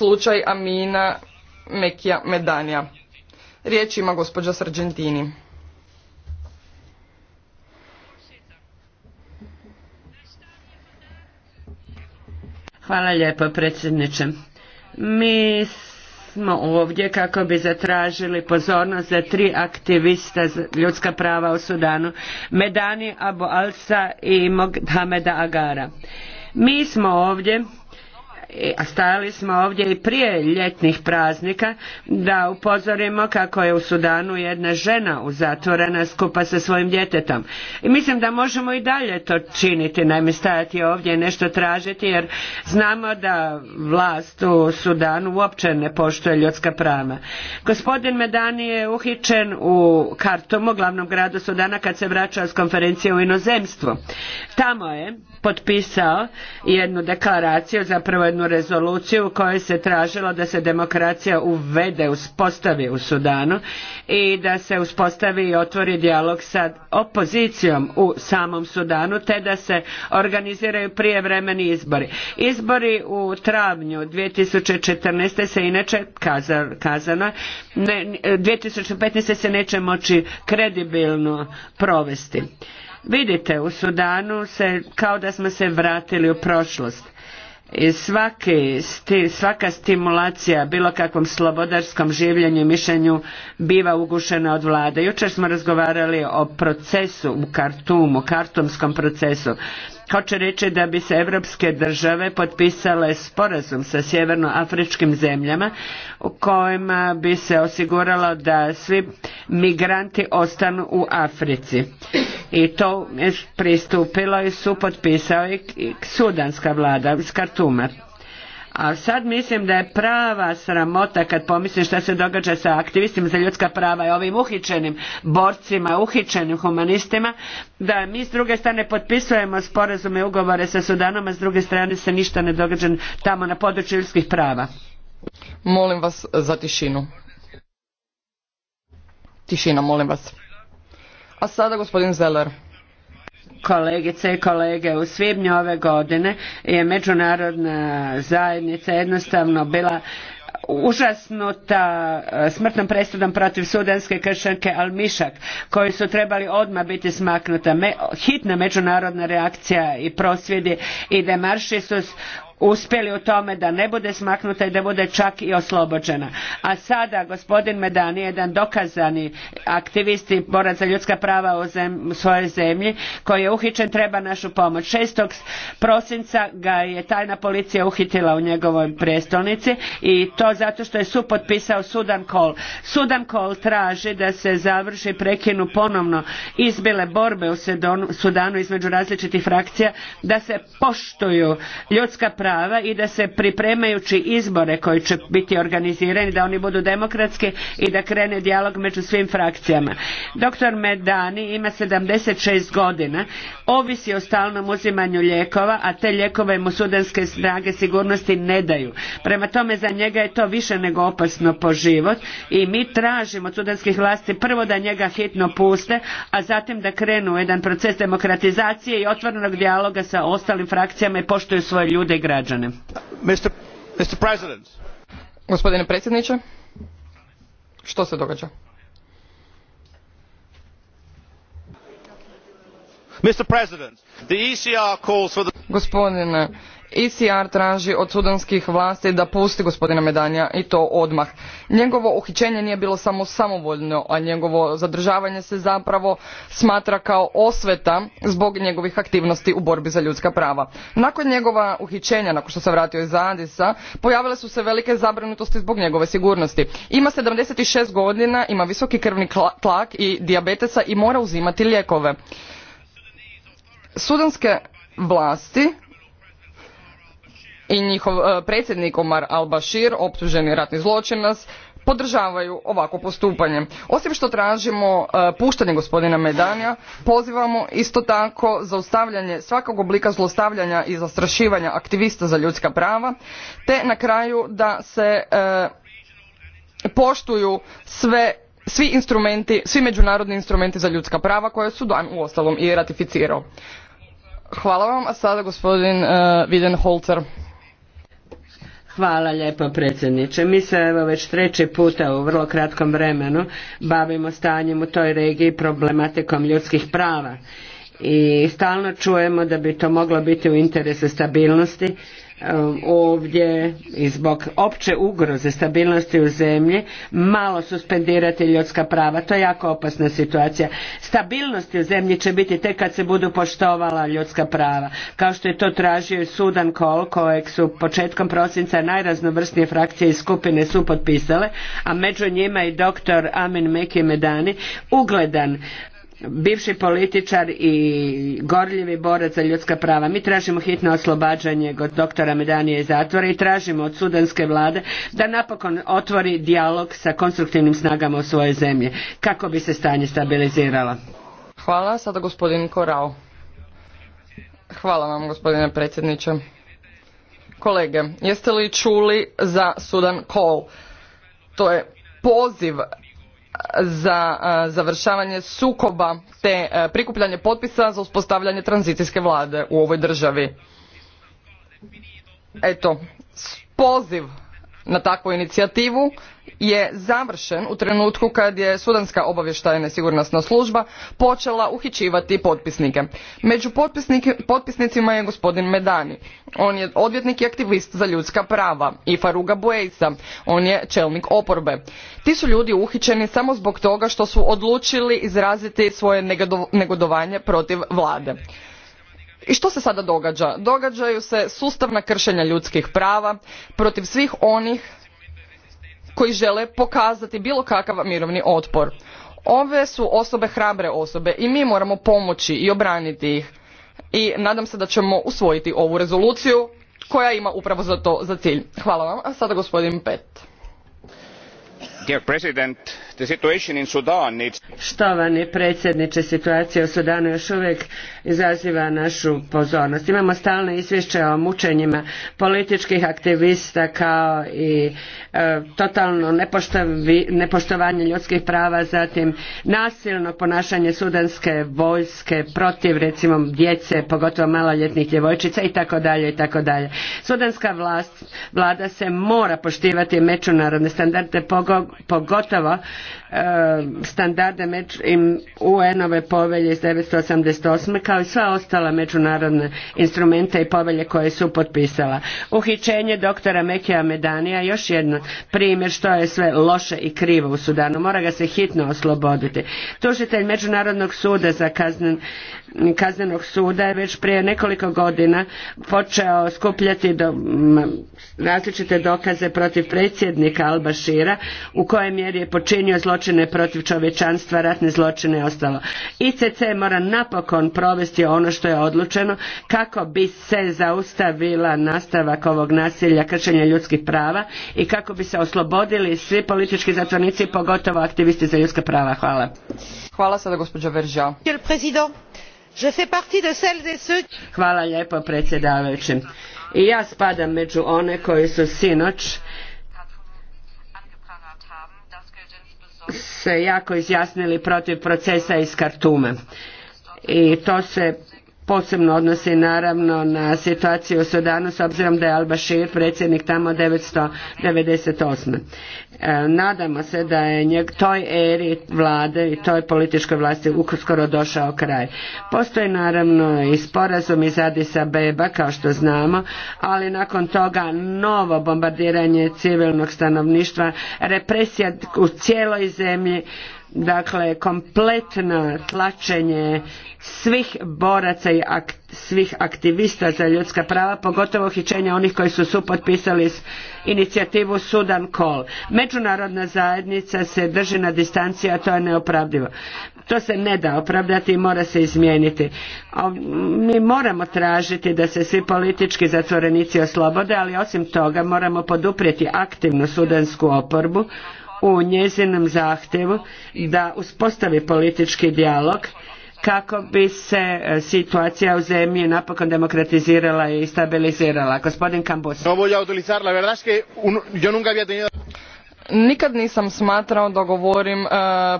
slučaj Amina Mekija Medanija. Riječ ima gospođa Sargentini. Hvala lijepo predsjedniče. Mi smo ovdje kako bi zatražili pozornost za tri aktivista za ljudska prava u Sudanu, Medani Abu Alsa i Mohameda Agara. Mi smo ovdje a stajali smo ovdje i prije ljetnih praznika da upozorimo kako je u Sudanu jedna žena uzatvorena skupa sa svojim djetetom. I mislim da možemo i dalje to činiti, naime stajati ovdje i nešto tražiti jer znamo da vlast u Sudanu uopće ne poštuje ljudska prava. Gospodin Medani je uhićen u Kartumu, glavnom gradu Sudana, kad se vraćao s konferencije u inozemstvo. Tamo je potpisao jednu deklaraciju, zapravo jednu rezoluciju u kojoj se tražilo da se demokracija uvede, uspostavi u Sudanu i da se uspostavi i otvori dijalog sa opozicijom u samom Sudanu te da se organiziraju prijevremeni izbori. Izbori u travnju 2014. se inače kazano, 2015. se neće moći kredibilno provesti. Vidite, u Sudanu se kao da smo se vratili u prošlost svaka stimulacija bilo kakvom slobodarskom življenju i mišljenju biva ugušena od vlade. Jučer smo razgovarali o procesu u Kartumu, kartumskom procesu. Hoće reći da bi se evropske države potpisale sporazum sa sjevernoafričkim zemljama u kojima bi se osiguralo da svi migranti ostanu u Africi i to pristupilo i su potpisao i sudanska vlada iz Kartuma. A sad mislim da je prava sramota kad pomislim šta se događa sa aktivistima za ljudska prava i ovim uhičenim borcima, uhičenim humanistima, da mi s druge strane potpisujemo sporazume i ugovore sa Sudanom, a s druge strane se ništa ne događa tamo na području ljudskih prava. Molim vas za tišinu. Tišina, molim vas. A sada gospodin Zeller kolegice i kolege u svibnju ove godine je međunarodna zajednica jednostavno bila užasnuta e, smrtnom presudom protiv sudanske kršenke Almišak, koji su trebali odmah biti smaknuta. hitna međunarodna reakcija i prosvjedi i demarši su uspjeli u tome da ne bude smaknuta i da bude čak i oslobođena. A sada gospodin Medani, jedan dokazani aktivist i borac za ljudska prava u, svojoj zemlji koji je uhićen treba našu pomoć. 6. prosinca ga je tajna policija uhitila u njegovoj prestolnici i to zato što je supotpisao Sudan Kol. Sudan Kol traži da se završi prekinu ponovno izbile borbe u Sudanu između različitih frakcija da se poštuju ljudska prava prava i da se pripremajući izbore koji će biti organizirani da oni budu demokratski i da krene dijalog među svim frakcijama. Doktor Medani ima 76 godina, ovisi o stalnom uzimanju lijekova, a te lijekove mu sudanske snage sigurnosti ne daju. Prema tome za njega je to više nego opasno po život i mi tražimo od sudanskih vlasti prvo da njega hitno puste, a zatim da krenu u jedan proces demokratizacije i otvorenog dijaloga sa ostalim frakcijama i poštuju svoje ljude i građane. Gospodine predsjedniče, što se događa? Mr. President, e Gospodine ECR traži od sudanskih vlasti da pusti gospodina Medanja i to odmah. Njegovo uhićenje nije bilo samo samovoljno, a njegovo zadržavanje se zapravo smatra kao osveta zbog njegovih aktivnosti u borbi za ljudska prava. Nakon njegova uhićenja, nakon što se vratio iz Adisa, pojavile su se velike zabrinutosti zbog njegove sigurnosti. Ima 76 godina, ima visoki krvni tlak i dijabetesa i mora uzimati lijekove. Sudanske vlasti i njihov e, predsjednik Omar al-Bashir, optuženi ratni zločinac, podržavaju ovakvo postupanje. Osim što tražimo e, puštanje gospodina Medanja, pozivamo isto tako zaustavljanje svakog oblika zlostavljanja i zastrašivanja aktivista za ljudska prava, te na kraju da se e, poštuju sve svi instrumenti, svi međunarodni instrumenti za ljudska prava koje su dan uostalom i ratificirao. Hvala vam, a sada gospodin uh, Viden Hvala lijepo predsjedniče. Mi se evo već treći puta u vrlo kratkom vremenu bavimo stanjem u toj regiji problematikom ljudskih prava i stalno čujemo da bi to moglo biti u interesu stabilnosti Ehm, ovdje i zbog opće ugroze stabilnosti u zemlji malo suspendirati ljudska prava. To je jako opasna situacija. Stabilnosti u zemlji će biti tek kad se budu poštovala ljudska prava. Kao što je to tražio Sudan Kol kojeg su početkom prosinca najraznovrsnije frakcije i skupine su potpisale, a među njima i doktor Amin Meki Medani, ugledan bivši političar i gorljivi borac za ljudska prava. Mi tražimo hitno oslobađanje od doktora Medanije iz zatvora i tražimo od sudanske vlade da napokon otvori dijalog sa konstruktivnim snagama u svojoj zemlji kako bi se stanje stabiliziralo. Hvala, sada gospodin Korao. Hvala vam gospodine predsjedniče. Kolege, jeste li čuli za Sudan Call? To je poziv za e, završavanje sukoba te e, prikupljanje potpisa za uspostavljanje tranzicijske vlade u ovoj državi. Eto, poziv na takvu inicijativu je završen u trenutku kad je sudanska obavještajna sigurnosna služba počela uhićivati potpisnike. Među potpisnicima je gospodin Medani. On je odvjetnik i aktivist za ljudska prava i Faruga Buejsa. On je čelnik oporbe. Ti su ljudi uhićeni samo zbog toga što su odlučili izraziti svoje negodovanje protiv vlade. I što se sada događa? Događaju se sustavna kršenja ljudskih prava protiv svih onih koji žele pokazati bilo kakav mirovni otpor. Ove su osobe hrabre osobe i mi moramo pomoći i obraniti ih. I nadam se da ćemo usvojiti ovu rezoluciju koja ima upravo za to za cilj. Hvala vam. A sada gospodin Pet štovani predsjedniče situacija u sudanu još uvijek izaziva našu pozornost imamo stalna izvješća o mučenjima političkih aktivista kao i e, totalno nepoštovanje ljudskih prava zatim nasilno ponašanje sudanske vojske protiv recimo djece pogotovo maloljetnih djevojčica i tako dalje i tako dalje sudanska vlast vlada se mora poštivati međunarodne standarde pogotovo pogotovo e, standarde UN-ove povelje iz 1988. kao i sva ostala međunarodna instrumenta i povelje koje su potpisala. Uhićenje doktora Mekija Medanija još jedno primjer što je sve loše i krivo u Sudanu. Mora ga se hitno osloboditi. Tužitelj Međunarodnog suda za kaznenog suda je već prije nekoliko godina počeo skupljati različite dokaze protiv predsjednika Albašira u kojoj mjeri je počinio zločine protiv čovječanstva, ratne zločine i ostalo. ICC mora napokon provesti ono što je odlučeno kako bi se zaustavila nastavak ovog nasilja, kršenja ljudskih prava i kako bi se oslobodili svi politički zatvornici, pogotovo aktivisti za ljudska prava. Hvala. Hvala sada gospođa Veržao. Hvala lijepo predsjedavajući. I ja spadam među one koji su sinoć se jako izjasnili protiv procesa iz kartume i to se posebno odnosi naravno na situaciju u Sudanu s obzirom da je al predsjednik tamo 998. E, nadamo se da je njeg, toj eri vlade i toj političkoj vlasti uskoro došao kraj. Postoji naravno i sporazum iz Adisa Beba kao što znamo, ali nakon toga novo bombardiranje civilnog stanovništva, represija u cijeloj zemlji, dakle kompletno tlačenje svih boraca i svih aktivista za ljudska prava, pogotovo uhićenja onih koji su supotpisali inicijativu Sudan Call. Međunarodna zajednica se drži na distanci, a to je neopravdivo. To se ne da opravdati i mora se izmijeniti. Mi moramo tražiti da se svi politički zatvorenici oslobode, ali osim toga moramo poduprijeti aktivnu sudansku oporbu u njezinom zahtjevu da uspostavi politički dijalog kako bi se e, situacija u zemlji napokon demokratizirala i stabilizirala. Gospodin Kambus nikad nisam smatrao da govorim e,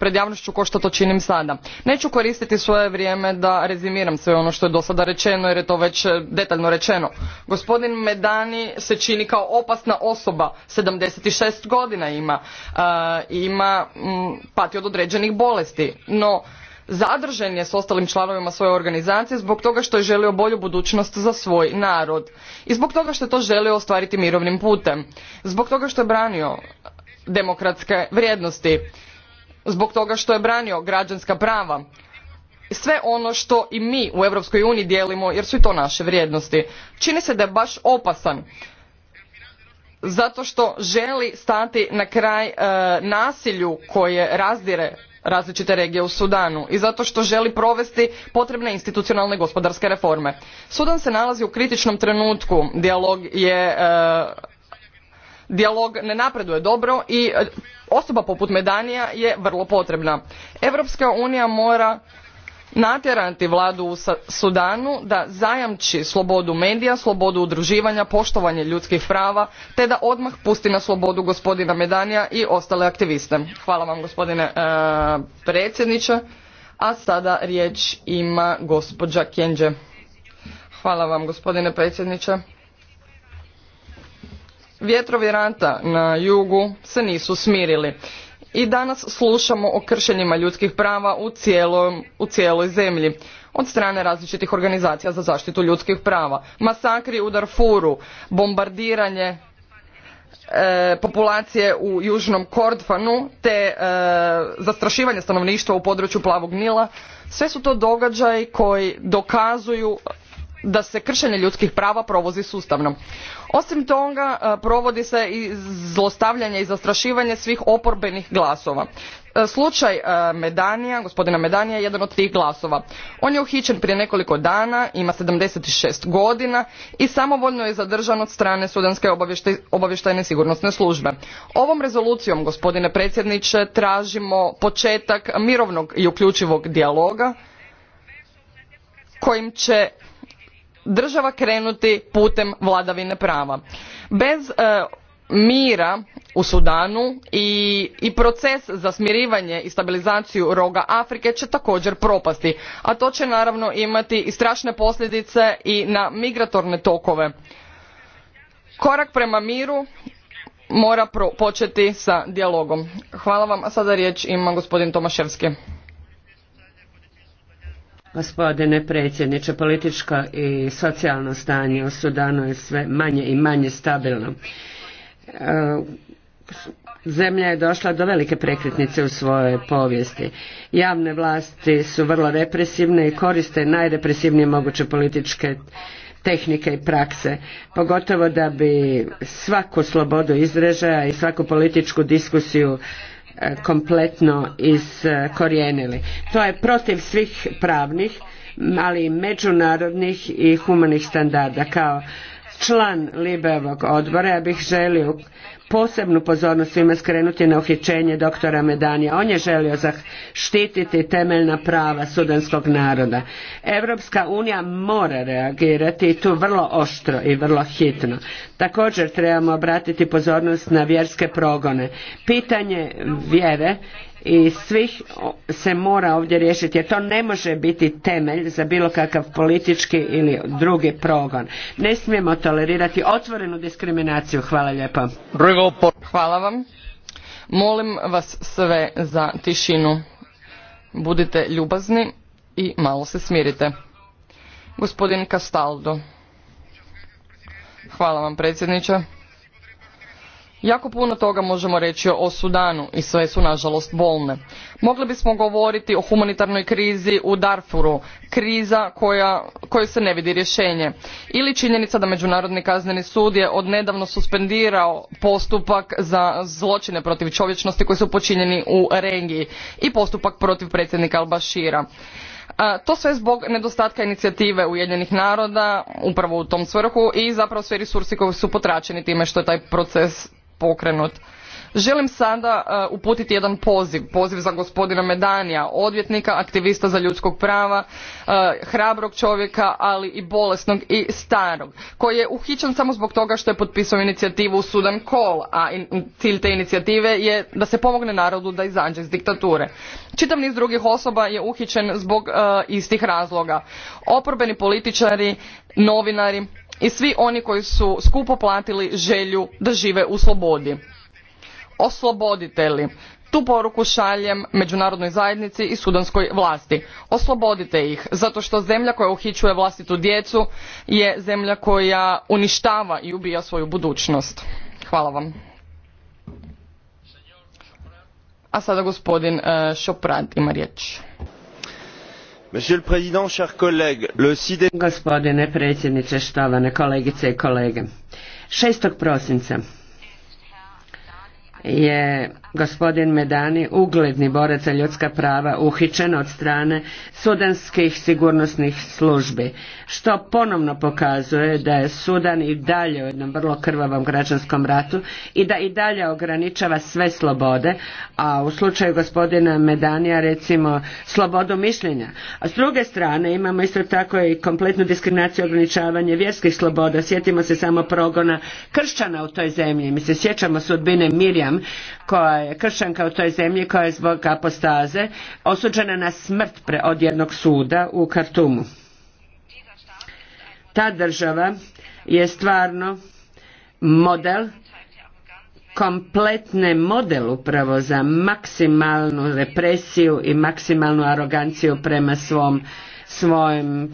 pred javnošću kao što to činim sada. Neću koristiti svoje vrijeme da rezimiram sve ono što je do sada rečeno jer je to već e, detaljno rečeno. Gospodin Medani se čini kao opasna osoba, 76 godina ima, e, ima pati od određenih bolesti, no zadržen je s ostalim članovima svoje organizacije zbog toga što je želio bolju budućnost za svoj narod i zbog toga što je to želio ostvariti mirovnim putem zbog toga što je branio demokratske vrijednosti zbog toga što je branio građanska prava sve ono što i mi u europskoj uniji dijelimo jer su i to naše vrijednosti čini se da je baš opasan zato što želi stati na kraj e, nasilju koje razdire različite regije u sudanu i zato što želi provesti potrebne institucionalne gospodarske reforme sudan se nalazi u kritičnom trenutku dijalog je e, dijalog ne napreduje dobro i e, osoba poput medanija je vrlo potrebna europska unija mora natjerati vladu u sudanu da zajamči slobodu medija slobodu udruživanja poštovanje ljudskih prava te da odmah pusti na slobodu gospodina medanija i ostale aktiviste hvala vam gospodine e, predsjedniče a sada riječ ima gospođa Kenđe. hvala vam gospodine predsjedniče Vjetrovi rata na jugu se nisu smirili. I danas slušamo o kršenjima ljudskih prava u, u cijeloj zemlji od strane različitih organizacija za zaštitu ljudskih prava. Masakri u Darfuru, bombardiranje e, populacije u južnom Kordfanu te e, zastrašivanje stanovništva u području Plavog Nila, sve su to događaji koji dokazuju da se kršenje ljudskih prava provozi sustavno. Osim toga, e, provodi se i zlostavljanje i zastrašivanje svih oporbenih glasova. E, slučaj e, Medanija, gospodina Medanija je jedan od tih glasova. On je uhićen prije nekoliko dana, ima 76 godina i samovoljno je zadržan od strane Sudanske obavještajne sigurnosne službe. Ovom rezolucijom, gospodine predsjedniče, tražimo početak mirovnog i uključivog dijaloga kojim će država krenuti putem vladavine prava. Bez e, mira u Sudanu i, proces za smirivanje i stabilizaciju roga Afrike će također propasti, a to će naravno imati i strašne posljedice i na migratorne tokove. Korak prema miru mora početi sa dijalogom. Hvala vam, a sada riječ ima gospodin Tomaševski. Gospodine predsjedniče, političko i socijalno stanje u Sudanu je sve manje i manje stabilno. E, zemlja je došla do velike prekretnice u svojoj povijesti. Javne vlasti su vrlo represivne i koriste najrepresivnije moguće političke tehnike i prakse, pogotovo da bi svaku slobodu izražaja i svaku političku diskusiju E, kompletno iskorijenili. To je protiv svih pravnih, ali i međunarodnih i humanih standarda. Kao član Libevog odbora ja bih želio posebnu pozornost svima skrenuti na uhićenje doktora Medanija. On je želio zaštititi temeljna prava sudanskog naroda. Europska unija mora reagirati i tu vrlo oštro i vrlo hitno. Također trebamo obratiti pozornost na vjerske progone. Pitanje vjere i svih se mora ovdje riješiti jer to ne može biti temelj za bilo kakav politički ili drugi progon. Ne smijemo tolerirati otvorenu diskriminaciju. Hvala lijepo. Hvala vam. Molim vas sve za tišinu. Budite ljubazni i malo se smirite. Gospodin Castaldo. Hvala vam predsjedniče. Jako puno toga možemo reći o Sudanu i sve su nažalost bolne. Mogli bismo govoriti o humanitarnoj krizi u Darfuru, kriza koja, kojoj se ne vidi rješenje. Ili činjenica da Međunarodni kazneni sud je odnedavno suspendirao postupak za zločine protiv čovječnosti koji su počinjeni u rengiji. i postupak protiv predsjednika Albašira. To sve zbog nedostatka inicijative Ujedinjenih naroda upravo u tom svrhu i zapravo sve resursi koji su potračeni time što je taj proces pokrenut. Želim sada e, uputiti jedan poziv, poziv za gospodina Medanija, odvjetnika, aktivista za ljudskog prava, e, hrabrog čovjeka, ali i bolesnog i starog, koji je uhićen samo zbog toga što je potpisao inicijativu Sudan Call, a cilj te inicijative je da se pomogne narodu da izađe iz diktature. Čitav niz drugih osoba je uhićen zbog e, istih razloga. Oporbeni političari, novinari, i svi oni koji su skupo platili želju da žive u slobodi. Osloboditelji. Tu poruku šaljem međunarodnoj zajednici i sudanskoj vlasti. Oslobodite ih, zato što zemlja koja uhićuje vlastitu djecu je zemlja koja uništava i ubija svoju budućnost. Hvala vam. A sada gospodin eh, Šoprad ima riječ. Gospodine predsjedniče, štovane kolegice i kolege. 6. prosinca je gospodin Medani, ugledni borac za ljudska prava, uhićen od strane sudanskih sigurnosnih službi, što ponovno pokazuje da je Sudan i dalje u jednom vrlo krvavom građanskom ratu i da i dalje ograničava sve slobode, a u slučaju gospodina Medania recimo slobodu mišljenja. A s druge strane imamo isto tako i kompletnu diskriminaciju ograničavanje vjerskih sloboda. Sjetimo se samo progona kršćana u toj zemlji. Mi se sjećamo sudbine Mirjam koja je kršanka u toj zemlji koja je zbog apostaze osuđena na smrt pre od jednog suda u Kartumu. Ta država je stvarno model kompletne model upravo za maksimalnu represiju i maksimalnu aroganciju prema svom svojim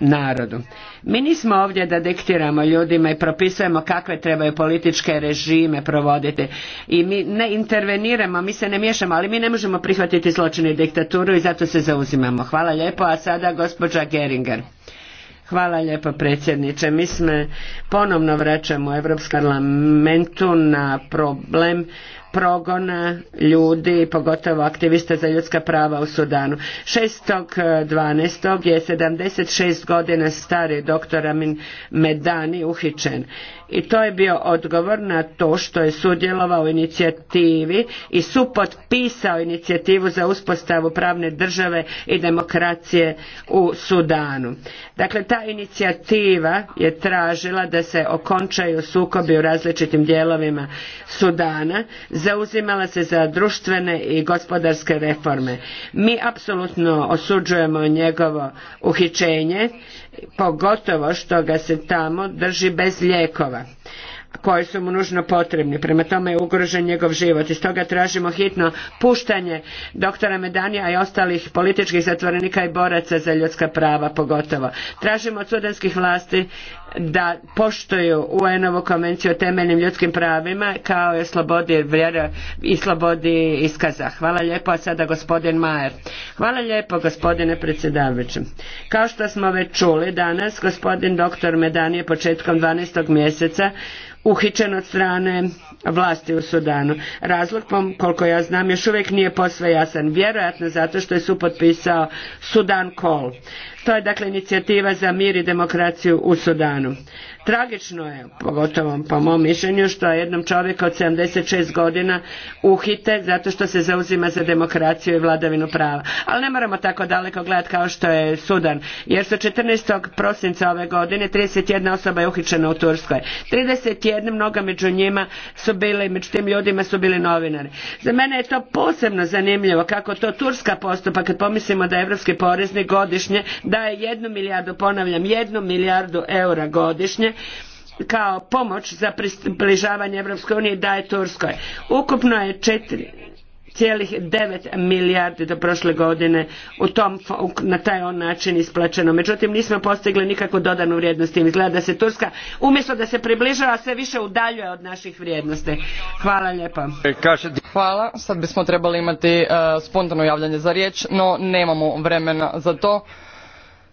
narodu. Mi nismo ovdje da diktiramo ljudima i propisujemo kakve trebaju političke režime provoditi i mi ne interveniramo, mi se ne miješamo, ali mi ne možemo prihvatiti zločine i diktaturu i zato se zauzimamo. Hvala lijepo, a sada gospođa Geringer. Hvala lijepo predsjedniče. Mi smo ponovno vraćamo u Europskom parlamentu na problem progona ljudi, pogotovo aktivista za ljudska prava u Sudanu. 6.12. je 76 godina stari doktor Amin Medani uhićen. I to je bio odgovor na to što je sudjelovao u inicijativi i supotpisao inicijativu za uspostavu pravne države i demokracije u Sudanu. Dakle, ta inicijativa je tražila da se okončaju sukobi u različitim dijelovima Sudana zauzimala se za društvene i gospodarske reforme. Mi apsolutno osuđujemo njegovo uhićenje, pogotovo što ga se tamo drži bez lijekova koji su mu nužno potrebni. Prema tome je ugrožen njegov život i stoga tražimo hitno puštanje doktora Medanija i ostalih političkih zatvorenika i boraca za ljudska prava pogotovo. Tražimo od sudanskih vlasti da poštuju UN-ovu konvenciju o temeljnim ljudskim pravima kao i slobodi vjera i slobodi iskaza. Hvala lijepo, a sada gospodin Majer. Hvala lijepo gospodine predsjedavajući. Kao što smo već čuli danas, gospodin doktor Medan je početkom 12. mjeseca uhićen od strane vlasti u Sudanu. Razlog, koliko ja znam, još uvijek nije posve jasan. Vjerojatno zato što je supotpisao Sudan Call. To je dakle inicijativa za mir i demokraciju u Sudanu. Tragično je, pogotovo po mom mišljenju, što je jednom čovjeku od 76 godina uhite zato što se zauzima za demokraciju i vladavinu prava. Ali ne moramo tako daleko gledati kao što je Sudan, jer su 14. prosinca ove godine 31 osoba je uhičena u Turskoj. 31, mnoga među njima su bile, među tim ljudima su bili novinari. Za mene je to posebno zanimljivo kako to Turska postupa kad pomislimo da europski poreznik godišnje daje jednu milijardu, ponavljam, jednu milijardu eura godišnje kao pomoć za približavanje Europskoj unije daje Turskoj. Ukupno je 4,9 milijardi do prošle godine u tom, na taj on način isplaćeno. Međutim, nismo postigli nikakvu dodanu vrijednost i Izgleda da se Turska, umjesto da se približava, sve više udaljuje od naših vrijednosti. Hvala lijepa. Hvala. Sad bismo trebali imati eh, spontano javljanje za riječ, no nemamo vremena za to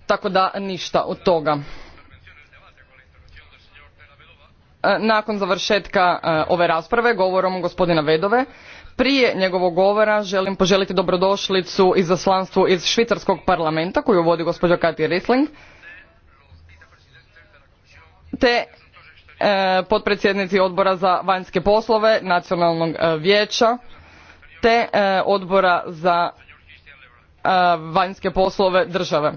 tako da ništa od toga. E, nakon završetka e, ove rasprave govorom gospodina Vedove, prije njegovog govora želim poželiti dobrodošlicu zaslanstvu iz švicarskog parlamenta koju vodi gospođa Kati Risling te e, potpredsjednici odbora za vanjske poslove nacionalnog vijeća te odbora za vanjske poslove države.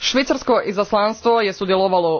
Švicarsko izaslanstvo je sudjelovalo